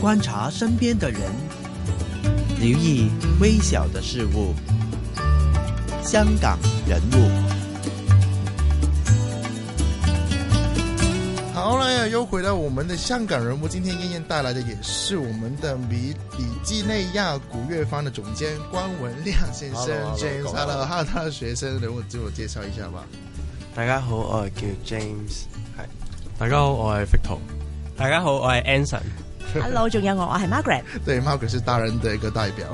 觀察身邊的人，留意微小的事物。香港人物，好了，又回到我們的香港人物。今天燕燕帶來的也是我們的米比幾內亞古樂坊的總監關文亮先生 James，還有他的學生，等我自我介紹一下吧。大家好，我係叫 James，係。大家好，我係 Victor。大家好，我係 Anson。Hello，仲有我，我係 Margaret。對，Margaret 是大人的一個代表。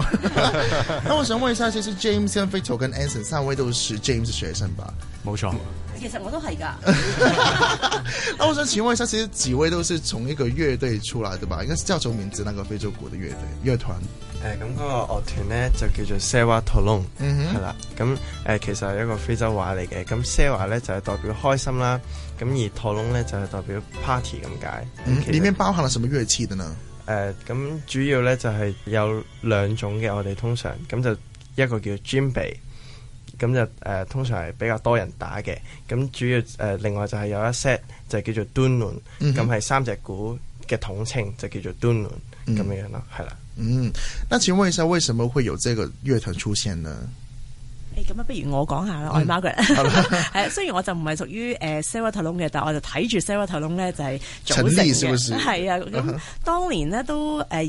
咁 我想問一下，其實 James、Fito 跟 Anson 三位都是 James 學生吧？冇錯。其實我都係㗎。咁 我想請問一下，其實幾位都是從一個樂隊出來的吧？應該是叫什麼名字？那個非洲鼓的樂隊樂團。誒咁嗰個樂團咧就叫做 Sewa Tolon。嗯哼、mm。係、hmm. 啦，咁誒、呃、其實係一個非洲話嚟嘅，咁 Sewa 咧就係代表開心啦。咁而陀龍咧就係代表 party 咁解，嗯，裏面包含咗什麼樂器嘅呢？誒、呃，咁、嗯、主要咧就係有兩種嘅，我哋通常咁就一個叫 gimbe 咁就誒通常係比較多人打嘅，咁主要誒另外就係有一 set 就叫做 dunun，咁係三隻鼓嘅統稱，就叫做 dunun 咁樣咯，係啦。嗯，那請問一下，為什麼會有這個樂團出現呢？咁啊，不如我講下啦，我係 Margaret。係啊，雖然我就唔係屬於誒 Savatollon 嘅，但我就睇住 Savatollon 咧，就係組成嘅，咁當年呢都誒二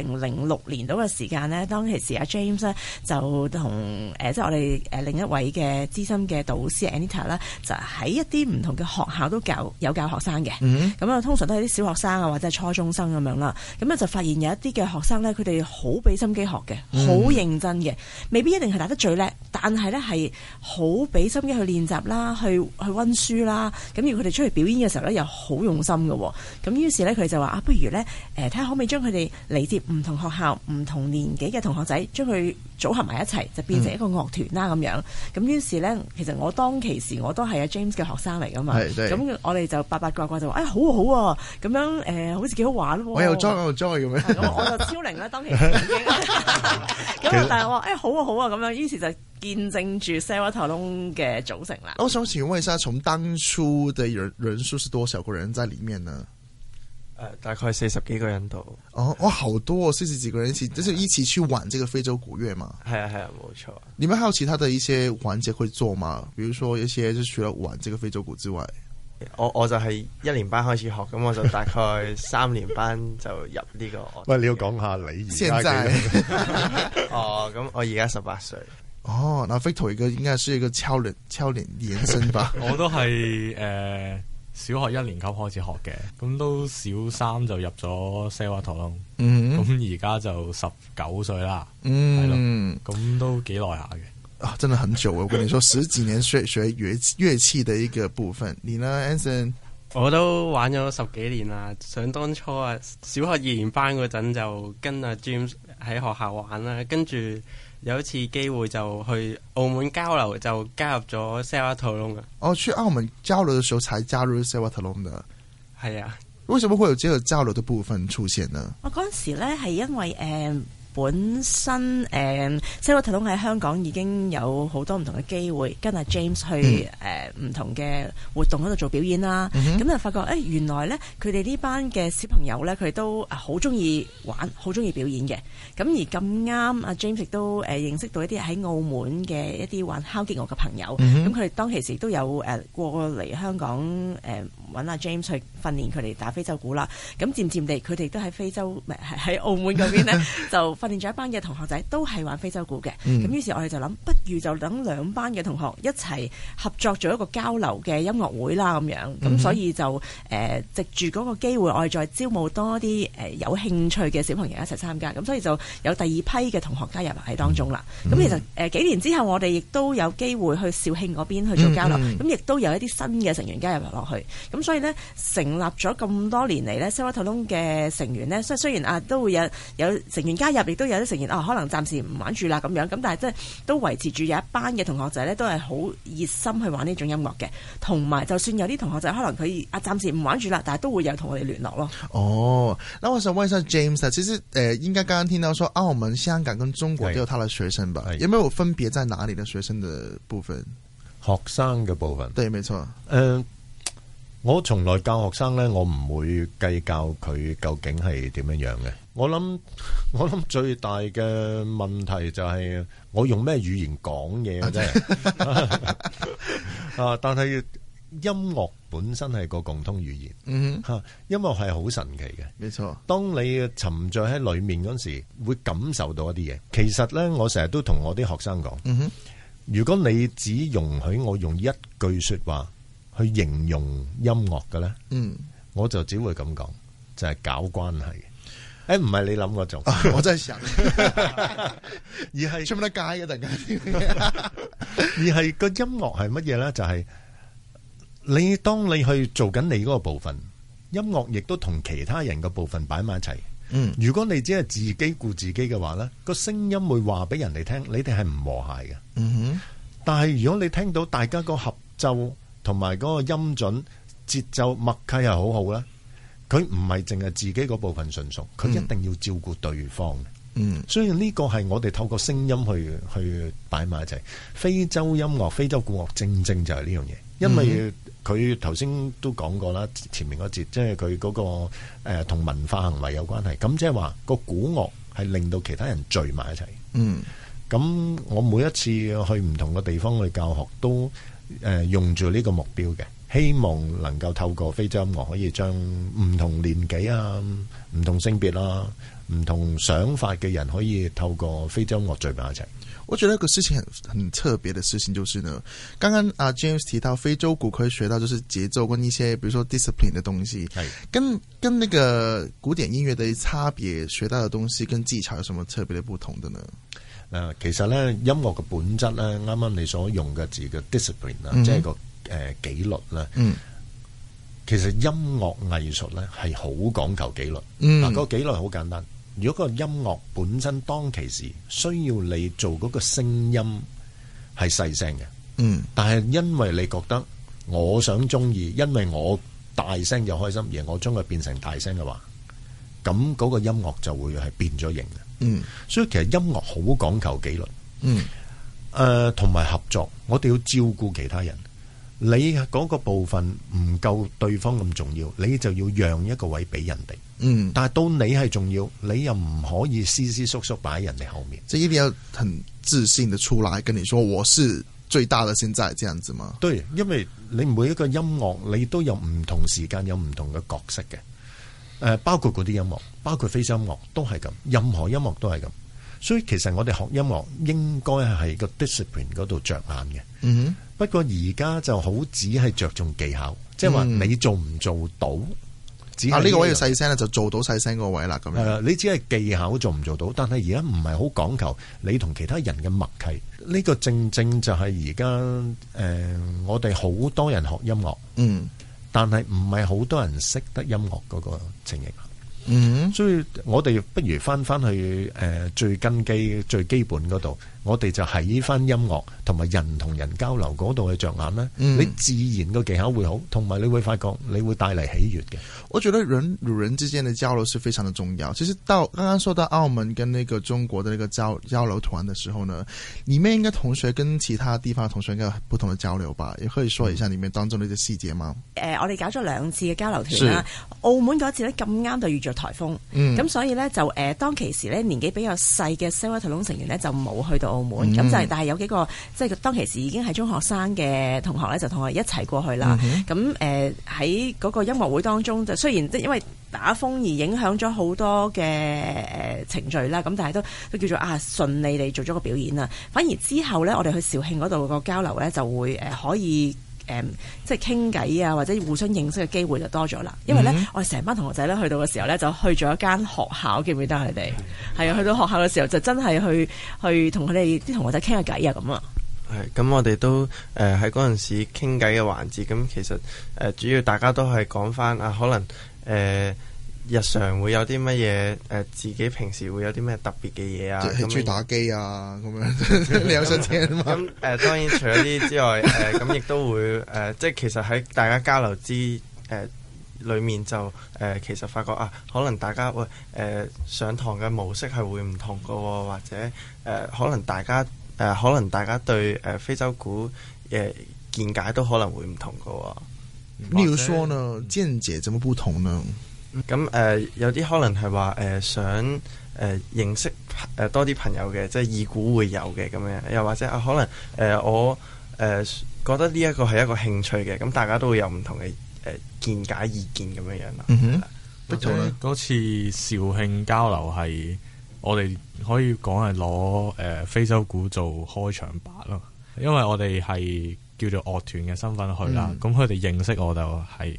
零零六年嗰個時間呢，當其時阿 James 咧就同誒即係我哋誒另一位嘅資深嘅導師 Anita 啦，就喺一啲唔同嘅學校都教有教學生嘅。咁啊、嗯，通常都係啲小學生啊，或者係初中生咁樣啦。咁啊，就發現有一啲嘅學生咧，佢哋好俾心機學嘅，好認真嘅，未必一定係打得最叻。但係咧，係好俾心機去練習啦，去去溫書啦。咁而佢哋出去表演嘅時候咧，又好用心嘅。咁於是咧，佢就話啊，不如咧，誒，睇下可唔可以將佢哋嚟自唔同學校、唔同年紀嘅同學仔，將佢。組合埋一齊就變成一個樂團啦咁、嗯、樣，咁於是咧，其實我當其時我都係阿 James 嘅學生嚟噶嘛，咁對我哋就八八卦卦，就話，哎好好啊，咁、啊、樣誒、呃、好似幾好玩喎、啊。我又 join 又 join 嘅咩？我，對我就超靈啦 當其時已經。咁 但係話，哎好啊好啊咁樣，於是就見證住 s e v a Tone 嘅組成啦。我想請問一下，從當初的人人數是多少個人在裡面呢？大概四十幾個人度哦，哇、哦、好多、哦，四十幾個人一起，就是一起去玩這個非洲鼓樂嘛。係啊係啊，冇錯、啊。裡面還有其他的一些環節會做嗎？比如說一些就除咗玩這個非洲鼓之外，我我就係一年班開始學，咁我就大概三年班就入呢個。喂，你要講下你而家？ 哦，咁我而家十八歲。哦，那非洲鼓應該係需要個超年、超年延伸吧？ 我都係誒。呃小學一年級開始學嘅，咁都小三就入咗聲樂堂，咁而家就十九歲啦，係咯、mm，咁、hmm. 都幾耐下嘅啊！真的很久， 我跟你說，十幾年學學樂樂器的一個部分。你呢，Anson？我都玩咗十幾年啦，想當初啊，小學二年班嗰陣就跟阿 James 喺學校玩啦，跟住。有一次機會就去澳門交流，就加入咗 Salatlon 嘅。我、哦、去澳門交流嘅時候，才加入 Salatlon 嘅。係啊，為什麼會有這個交流嘅部分出現呢？我嗰時咧係因為誒。嗯本身誒、嗯、西樂體統喺香港已經有好多唔同嘅機會跟阿 James 去誒唔、嗯呃、同嘅活動嗰度做表演啦。咁就、嗯、哼發覺誒原來咧，佢哋呢班嘅小朋友咧，佢哋都好中意玩，好中意表演嘅。咁而咁啱，阿 James 亦都誒認識到一啲喺澳門嘅一啲玩敲擊樂嘅朋友。咁佢哋當其時都有誒過嚟香港誒揾阿 James 去訓練佢哋打非洲鼓啦。咁漸漸地，佢哋都喺非洲唔係喺澳門嗰邊咧就。 訓練咗一班嘅同學仔都係玩非洲鼓嘅，咁於、嗯、是我哋就諗，不如就等兩班嘅同學一齊合作做一個交流嘅音樂會啦，咁樣，咁、嗯、所以就誒、呃，藉住嗰個機會，我哋再招募多啲誒、呃、有興趣嘅小朋友一齊參加，咁所以就有第二批嘅同學加入喺當中啦。咁、嗯、其實誒、呃，幾年之後我哋亦都有機會去肇慶嗰邊去做交流，咁亦都有一啲新嘅成員加入落去。咁所以呢，成立咗咁多年嚟呢，西 a v a 嘅成員呢，雖雖然啊都會有有成員加入。都有啲成員哦，可能暫時唔玩住啦咁樣，咁但係即係都維持住有一班嘅同學仔咧，都係好熱心去玩呢種音樂嘅，同埋就算有啲同學仔可能佢啊暫時唔玩住啦，但係都會有同我哋聯絡咯。哦，那我想問一下 James 啊，其實誒、呃，應該剛剛聽到說澳門、香港跟中國都有他啲學生吧？有冇分別在哪裏嘅學生嘅部分？學生嘅部分，對，沒錯，嗯、呃。我從來教學生呢，我唔會計較佢究竟係點樣樣嘅。我諗我諗最大嘅問題就係、是、我用咩語言講嘢啫。 啊！但係音樂本身係個共通語言，嗯哼、mm hmm. 啊，音樂係好神奇嘅，沒錯錯。當你沉醉喺裏面嗰時，會感受到一啲嘢。其實呢，我成日都同我啲學生講，mm hmm. 如果你只容許我用一句說話。去形容音樂嘅咧，嗯，我就只會咁講，就係搞關係。誒，唔係你諗我做，我真係想。 而係出唔得街嘅，突然間，而係個音樂係乜嘢咧？就係你當你去做緊你嗰個部分，音樂亦都同其他人嘅部分擺埋一齊。嗯，如果你只係自己顧自己嘅話咧，個聲音會話俾人哋聽，你哋係唔和諧嘅。嗯哼，但係如果你聽到大家個合奏。同埋嗰個音準、節奏默契係好好啦。佢唔係淨係自己嗰部分純熟，佢一定要照顧對方。嗯，所以呢個係我哋透過聲音去去擺埋一齊。非洲音樂、非洲鼓樂，正正就係呢樣嘢。因為佢頭先都講過啦，前面嗰節即係佢嗰個呃、同文化行為有關係。咁即係話個鼓樂係令到其他人聚埋一齊。嗯，咁我每一次去唔同嘅地方去教學都。誒、呃，用住呢個目標嘅，希望能夠透過非洲音樂可以將唔同年紀啊、唔同性別啦、啊、唔同想法嘅人，可以透過非洲音樂聚埋一齊。我覺得一個事情很，很特別嘅事情，就是呢，剛剛阿、啊、James 提到非洲鼓可以學到，就是節奏跟一些，比如說 discipline 嘅東西，係是跟跟那個古典音樂的差別，學到的東西跟技巧有什麼特別的不同的呢？誒，其實咧音樂嘅本質咧，啱啱你所用嘅字嘅 discipline 啦，即係個誒紀律啦。嗯。嗯，其實音樂藝術咧係好講求紀律。嗯。嗱，個紀律好簡單。如果個音樂本身當其時需要你做嗰個聲音係細聲嘅。嗯，但係因為你覺得我想中意，因為我大聲就開心，而我將佢變成大聲嘅話，咁嗰個音樂就會係變咗形嘅。嗯，所以其實音樂好講求紀律，嗯，誒、呃，同埋合作，我哋要照顧其他人。你嗰個部分唔夠對方咁重要，你就要讓一個位俾人哋。嗯，但係到你係重要，你又唔可以斯斯縮縮擺喺人哋後面。即係、嗯、一定要很自信的出來跟你說，我是最大的，現在這樣子嗎？對，因為你每一個音樂，你都有唔同時間，有唔同嘅角色嘅。誒、呃，包括嗰啲音樂，包括非洲音樂，都係咁，任何音樂都係咁。所以其實我哋學音樂應該係個 discipline 嗰度着眼嘅。嗯哼。不過而家就好只係着重技巧，即係話你做唔做到？啊，呢、這個位要細聲啦，就做到細聲個位啦。咁樣。你只係技巧做唔做到？但係而家唔係好講求你同其他人嘅默契。呢、這個正正就係而家誒，我哋好多人學音樂。嗯。但係唔係好多人識得音樂嗰個情形，mm hmm。所以我哋不如翻翻去誒最根基、最基本嗰度，我哋就喺翻音樂同埋人同人交流嗰度去着眼咧，嗯、你自然個技巧會好，同埋你會發覺你會帶嚟喜悅嘅。我覺得人與人之間嘅交流是非常的重要。其實到啱剛，剛說到澳門跟呢個中國嘅呢個交交流團嘅時候呢，你咩應該同學跟其他地方同學應該有不同嘅交流吧？也可以說一下你面當中呢啲細節嘛。誒、嗯呃，我哋搞咗兩次嘅交流團啦。是澳門嗰次咧咁啱就遇着颱風，咁、嗯嗯、所以咧就誒、呃、當其時咧年紀比較細嘅社 e v e 成員咧就冇去到。澳門咁就係，嗯、但係有幾個即係當其時已經係中學生嘅同學咧，就同我哋一齊過去啦。咁誒喺嗰個音樂會當中，就雖然即因為打風而影響咗好多嘅誒、呃、程序啦，咁但係都都叫做啊順利地做咗個表演啦。反而之後咧，我哋去肇慶嗰度個交流咧，就會誒、呃、可以。誒，um, 即係傾偈啊，或者互相認識嘅機會就多咗啦。因為呢，mm hmm. 我哋成班同學仔呢去到嘅時候呢，就去咗一間學校，記唔記得佢哋？係、mm hmm. 啊，去到學校嘅時候就真係去去同佢哋啲同學仔傾下偈啊咁啊。係、啊，咁我哋都誒喺嗰陣時傾偈嘅環節，咁其實誒、呃、主要大家都係講返啊，可能誒。呃日常會有啲乜嘢？誒、呃，自己平時會有啲咩特別嘅嘢啊？中意就樣打機啊？咁樣 你有想聽咁，誒當然除咗啲之外，誒咁亦都會誒、呃，即係其實喺大家交流之誒、呃、裡面就誒、呃，其實發覺啊，可能大家喂誒、呃、上堂嘅模式係會唔同㗎喎、哦，或者誒、呃、可能大家誒、呃、可能大家對誒、呃、非洲鼓誒見解都可能會唔同㗎喎、哦。例如說呢，見解怎麼不同呢？咁誒、嗯呃、有啲可能係話誒想誒、呃、認識誒、呃、多啲朋友嘅，即係意股會有嘅咁樣，又或者啊可能誒我誒覺得呢一個係一個興趣嘅，咁大家都會有唔同嘅誒、呃、見解意見咁樣樣啦。嗯、哼，而且嗰次肇慶交流係我哋可以講係攞誒非洲鼓做開場白咯，因為我哋係叫做樂團嘅身份去啦，咁佢哋認識我就係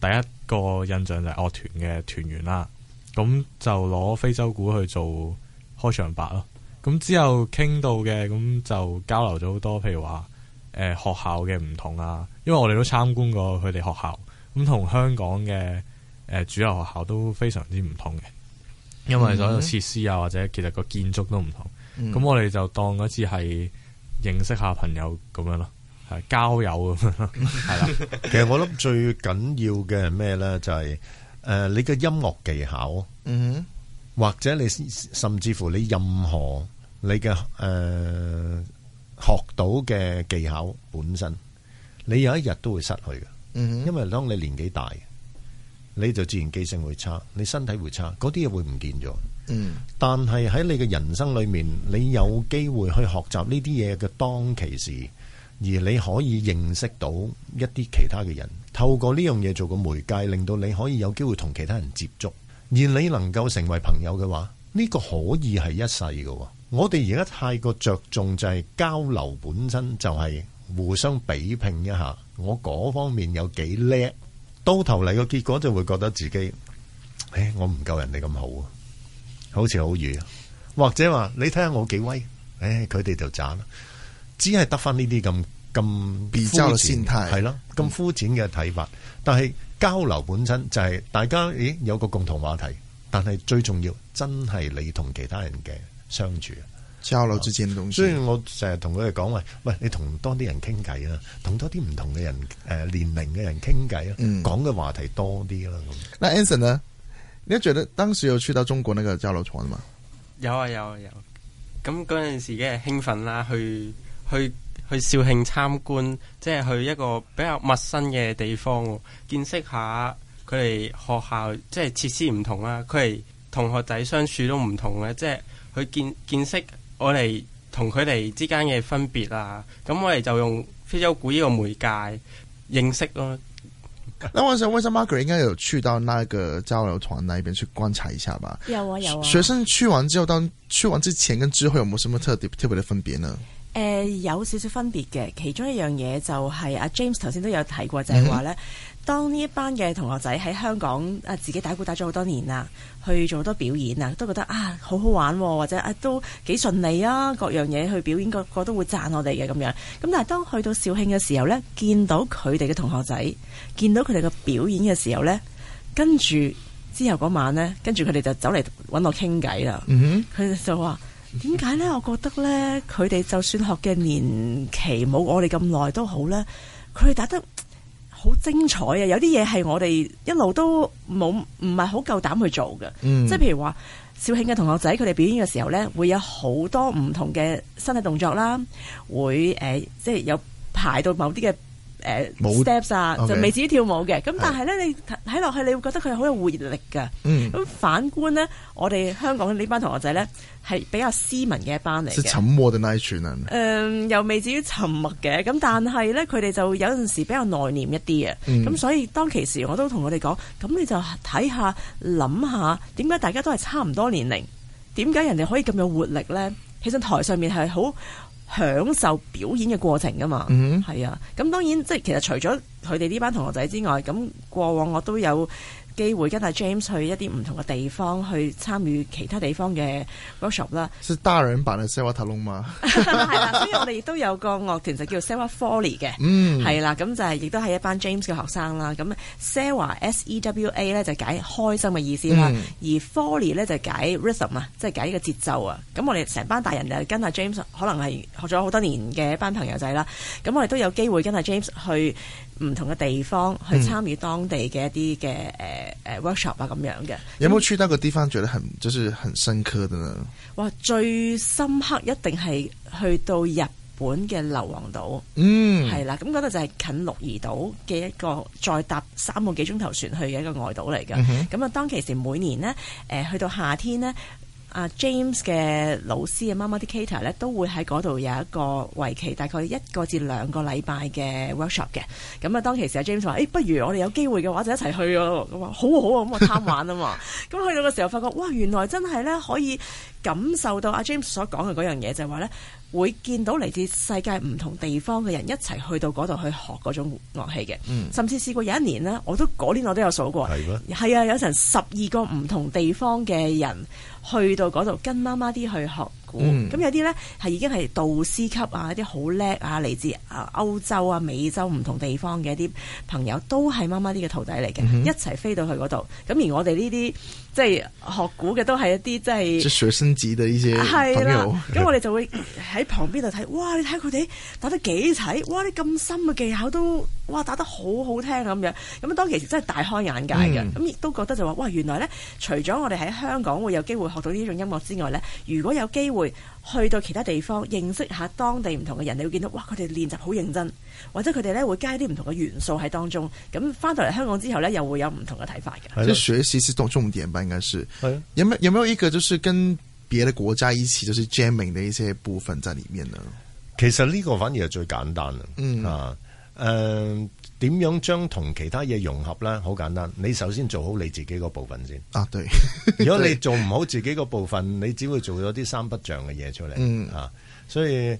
第一個印象就係樂團嘅團員啦，咁就攞非洲鼓去做開場白咯。咁之後傾到嘅，咁就交流咗好多，譬如話誒、呃、學校嘅唔同啊，因為我哋都參觀過佢哋學校，咁同香港嘅誒、呃、主流學校都非常之唔同嘅，因為所有設施啊、Mm-hmm. 或者其實個建築都唔同。咁、Mm-hmm. 我哋就當一次係認識下朋友咁樣咯。係交友係啦， 其實我諗最緊要嘅係咩咧？就係、是、誒、呃，你嘅音樂技巧，mm hmm. 或者你甚至乎你任何你嘅誒、呃、學到嘅技巧本身，你有一日都會失去嘅。嗯、mm，hmm. 因為當你年紀大，你就自然記性會差，你身體會差，嗰啲嘢會唔見咗。嗯、mm，hmm. 但係喺你嘅人生裏面，你有機會去學習呢啲嘢嘅當其時。而你可以認識到一啲其他嘅人，透過呢樣嘢，做個媒介，令到你可以有機會同其他人接觸。而你能夠成為朋友嘅話，呢個可以係一世嘅。我哋而家太過着重就係交流本身，就係互相比拼一下，我嗰方面有幾叻，到頭嚟個結果就會覺得自己，誒，我唔夠人哋咁好啊，好似好愚，或者話你睇下我幾威，誒，佢哋就渣。只係得翻呢啲咁咁敷衍，係咯，咁膚淺嘅睇法。嗯、但係交流本身就係、是、大家，咦有個共同話題。但係最重要，真係你同其他人嘅相處交流之互動。然、啊、我成日同佢哋講，喂喂，你同多啲人傾偈啊，多同多啲唔同嘅人誒、呃、年齡嘅人傾偈啊，講嘅、嗯、話題多啲咯。咁、嗯。嗱，Anson 啊，你覺得當時有出到中國呢個交流團啊嘛？有啊有啊有啊。咁嗰陣時梗係興奮啦，去。去去肇慶參觀，即係去一個比較陌生嘅地方，見識下佢哋學校即係設施唔同啦，佢哋同學仔相處都唔同啦，即係去見見識我哋同佢哋之間嘅分別啊。咁我哋就用非洲鼓呢個媒介認識咯。 那我想問下 Margaret，應該有去到那個交流團那邊去觀察一下吧？有啊有啊。有啊學生去完之後，當去完之前跟之後有冇什麼特特別嘅分別呢？誒、呃、有少少分別嘅，其中一樣嘢就係、是、阿、啊、James 頭先都有提過，就係話呢。嗯、哼當呢一班嘅同學仔喺香港啊自己打鼓打咗好多年啦，去做好多表演啊，都覺得啊好好玩、啊，或者啊都幾順利啊，各樣嘢去表演個個都會讚我哋嘅咁樣。咁但係當去到肇慶嘅時候呢，見到佢哋嘅同學仔，見到佢哋嘅表演嘅時候呢，跟住之後嗰晚呢，跟住佢哋就走嚟揾我傾偈啦。佢、嗯、哼就話。點解咧？我覺得咧，佢哋就算學嘅年期冇我哋咁耐都好咧，佢哋打得好精彩啊！有啲嘢係我哋一路都冇，唔係好夠膽去做嘅。即係、嗯、譬如話肇慶嘅同學仔，佢哋表演嘅時候咧，會有好多唔同嘅身體動作啦，會誒、呃、即係有排到某啲嘅。誒 steps 啊，就未至於跳舞嘅，咁 Okay. 但係咧，是你睇落去，你會覺得佢好有活力噶。咁、嗯、反觀呢，我哋香港呢班同學仔咧，係比較斯文嘅一班嚟嘅。誒、嗯，又未至於沉默嘅，咁但係咧，佢哋就有陣時比較內斂一啲啊。咁、嗯、所以當其時我，我都同佢哋講，咁你就睇下、諗下，點解大家都係差唔多年齡，點解人哋可以咁有活力咧？其實台上面係好享受表演嘅過程㗎嘛，係啊、mm。咁、hmm。當然即係其實除咗佢哋呢班同學仔之外，咁過往我都有機會跟阿 James 去一啲唔同嘅地方，去參與其他地方嘅 workshop 啦。即係大人版嘅 Sewa Talon 嗎？係 啦， 所以我哋亦都有個樂團就叫 Sewa Foli 嘅，嗯，係啦，咁就係亦都係一班 James 嘅學生啦。咁 Sewa, S E W A 咧就解開心嘅意思啦，嗯、而 Foli 咧就解 rhythm 啊，即係解呢個節奏啊。咁我哋成班大人就跟阿 James，可能係學咗好多年嘅一班朋友仔係啦。咁我哋都有機會跟阿 James 去。唔同嘅地方去參與當地嘅一啲嘅，誒誒 workshop 啊咁樣嘅。有冇去到個地方覺得很就是很深刻嘅呢？哇，最深刻一定係去到日本嘅硫磺島，嗯，係啦，咁嗰度就係近鹿兒島嘅一個再搭三個幾鐘頭船去嘅一個外島嚟嘅。咁啊、嗯、哼當其時每年呢誒、呃、去到夏天呢。阿 James 嘅老師嘅媽媽啲 Kater 咧，都會喺嗰度有一個為期，大概一個至兩個禮拜嘅 workshop 嘅。咁啊，當其時阿 James 話，誒、欸，不如我哋有機會嘅話，就一齊去咯。咁話好，好啊，好啊，咁我貪玩啊嘛。咁 去到嘅時候，發覺哇，原來真係咧可以感受到阿 James 所講嘅嗰樣嘢，就係話咧會見到嚟自世界唔同地方嘅人一齊去到嗰度去學嗰種樂器嘅。嗯、甚至試過有一年呢，我都嗰年我都有數過，係嗎啊，有成十二個唔同地方嘅人。去到嗰度跟媽媽啲去學鼓，咁、嗯、有啲咧，係已經係導師級啊，一啲好叻啊，嚟自啊，歐洲啊，美洲唔同地方嘅一啲朋友都係媽媽啲嘅徒弟嚟嘅，嗯、哼一齊飛到去嗰度。咁而我哋呢啲即係學鼓嘅都係一啲即係即係學生仔呢啲先係啦。咁 我哋就會喺旁邊度睇，哇！你睇佢哋打得幾齊哇！你咁深嘅技巧都，哇！打得好好聽咁樣，咁當其時真係大開眼界嘅。咁亦都覺得就話哇！原來咧，除咗我哋喺香港會有機會。學到呢種音樂之外咧，如果有機會去到其他地方認識下當地唔同嘅人，你會見到哇，佢哋練習好認真，或者佢哋咧會加啲唔同嘅元素喺當中。咁翻到嚟香港之後咧，又會有唔同嘅睇法嘅。即係學習是重重點吧，應該是。係。有冇有冇一個就是跟別的國家一起，就是 Jamming 嘅一些部分在裏面啊？其實呢個反而係最簡單啦。嗯啊，誒、呃。點樣將同其他嘢融合咧？好簡單，你首先做好你自己個部分先啊。對， 如果你做唔好自己個部分，你只會做咗啲三不像嘅嘢出嚟。嗯啊，所以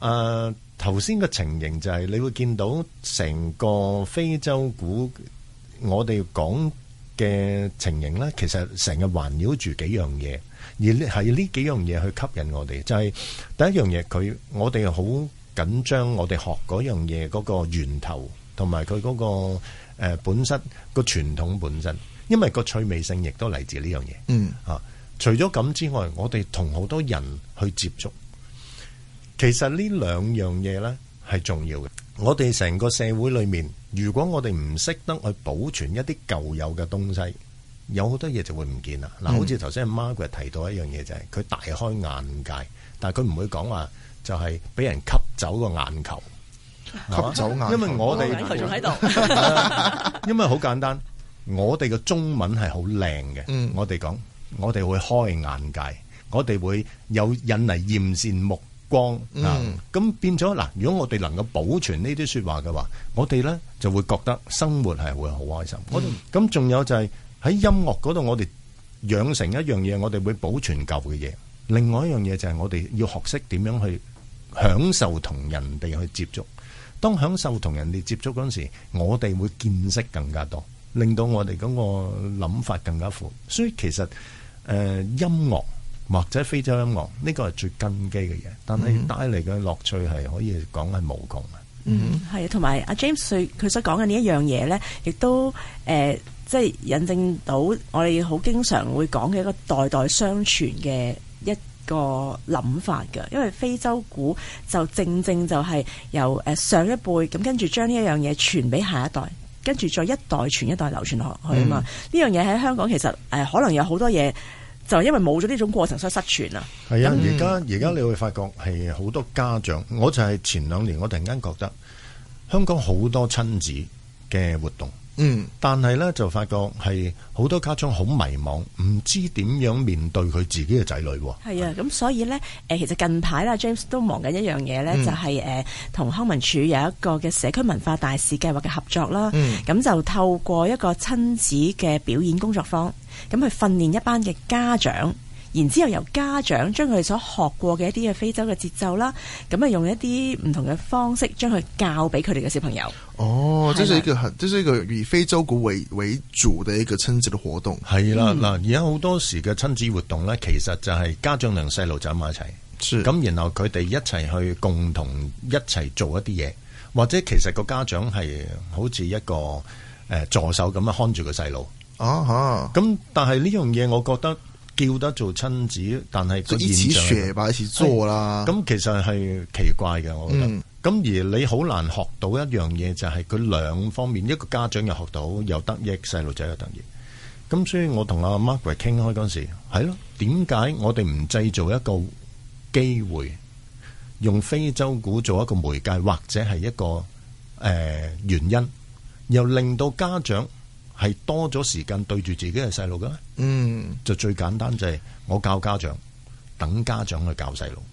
誒頭先嘅情形就係你會見到成個非洲鼓，我哋講嘅情形咧，其實成日環繞住幾樣嘢，而係呢幾樣嘢去吸引我哋。就係、是、第一樣嘢，佢我哋好緊張我，我哋學嗰樣嘢嗰個源頭。同埋佢嗰個誒本身個傳統本身，因為個趣味性亦都嚟自呢樣嘢。嗯，嚇，除咗咁之外，我哋同好多人去接觸，其實呢兩樣嘢咧係重要嘅。我哋成個社會裏面，如果我哋唔識得去保存一啲舊有嘅東西，有好多嘢就會唔見啦。嗱，好似頭先阿 Margaret 提到一樣嘢就係佢大開眼界，但係佢唔會講話就係俾人吸走個眼球。吸走眼，因為我哋，佢仲喺度。因為好簡單，我哋嘅中文係好靚嘅。嗯，我哋講，我哋會開眼界，我哋會有引嚟艷羨目光啊。咁變咗嗱，如果我哋能夠保存呢啲說話嘅話，我哋咧就會覺得生活係會好開心。我咁，仲有就係喺音樂嗰度，我哋養成一樣嘢，我哋會保存舊嘅嘢。另外一樣嘢就係我哋要學識點樣去享受同人哋去接觸。當享受同人哋接觸嗰陣時，我哋會見識更加多，令到我哋嗰個諗法更加闊。所以其實誒音樂或者非洲音樂呢個係最根基嘅嘢，但係帶嚟嘅樂趣係可以講係無窮嘅。嗯，係啊，同埋阿 James 佢，佢所講嘅呢一樣嘢咧，亦都誒即係引證到我哋好經常會講嘅一個代代相傳嘅一。個諗法噶，因為非洲鼓就正正就係由誒上一輩咁，跟住將呢一樣嘢傳俾下一代，跟住再一代傳一代流傳落去啊嘛。呢樣嘢喺香港其實誒、呃，可能有好多嘢就因為冇咗呢種過程，所以失傳啦。係啊，而家而家你會發覺係好多家長，我就係前兩年我突然間覺得香港好多親子嘅活動。嗯，但係咧就發覺係好多家長好迷茫，唔知點樣面對佢自己嘅仔女。係啊的，咁的所以咧，誒、呃，其實近排啦，James 都忙緊一樣嘢咧，嗯、就係誒同康文署有一個嘅社區文化大使計劃嘅合作啦。咁、嗯、就透過一個親子嘅表演工作坊，咁去訓練一班嘅家長。然之後由家長將佢哋所學過嘅一啲嘅非洲嘅節奏啦，咁啊用一啲唔同嘅方式將佢教俾佢哋嘅小朋友。哦，呢個係一個，呢個係一個以非洲鼓為為主嘅一個親子嘅活動。係的、嗯、啦，嗱而家好多時嘅親子活動咧，其實就係家長同細路走埋一齊，咁是然後佢哋一齊去共同一齊做一啲嘢，或者其實個家長係好似一個誒助手咁樣看住個細路。哦，嚇！咁但係呢樣嘢，我覺得，叫得做親子，但係個現象，白似做啦。咁其實係奇怪嘅，我覺得。咁而你好難學到一樣嘢，就係佢兩方面，一個家長又學到，又得益，細路仔又得益。咁所以，我同阿 Margaret 傾開嗰陣時，係咯，點解我哋唔製造一個機會，用非洲鼓做一個媒介，或者係一個誒原因，又令到家長？係多咗時間對住自己嘅細路嘅，嗯，就最簡單就係我教家長，等家長去教細路。